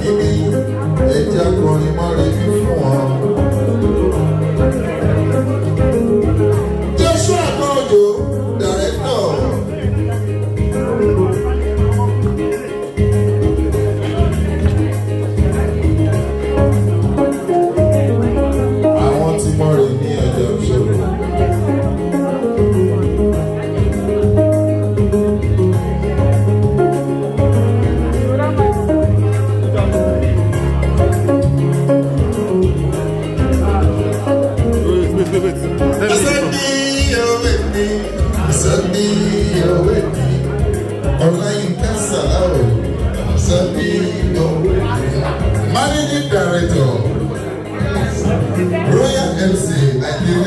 níbí ẹjẹ akọrin mọ́rin bí fún wọn. Jésù Àgbọ̀njò dàrẹ́tọ̀. Àwọn tí mọ́rin ní ẹ̀jẹ̀. director, Royal MC, I think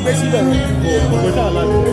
gbé sílẹ̀ kò kò dà láti.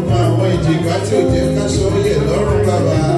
gbogbo àwọn ìjìká tí ò jẹ́ ká sọ yẹ lọ́rùn bàbá.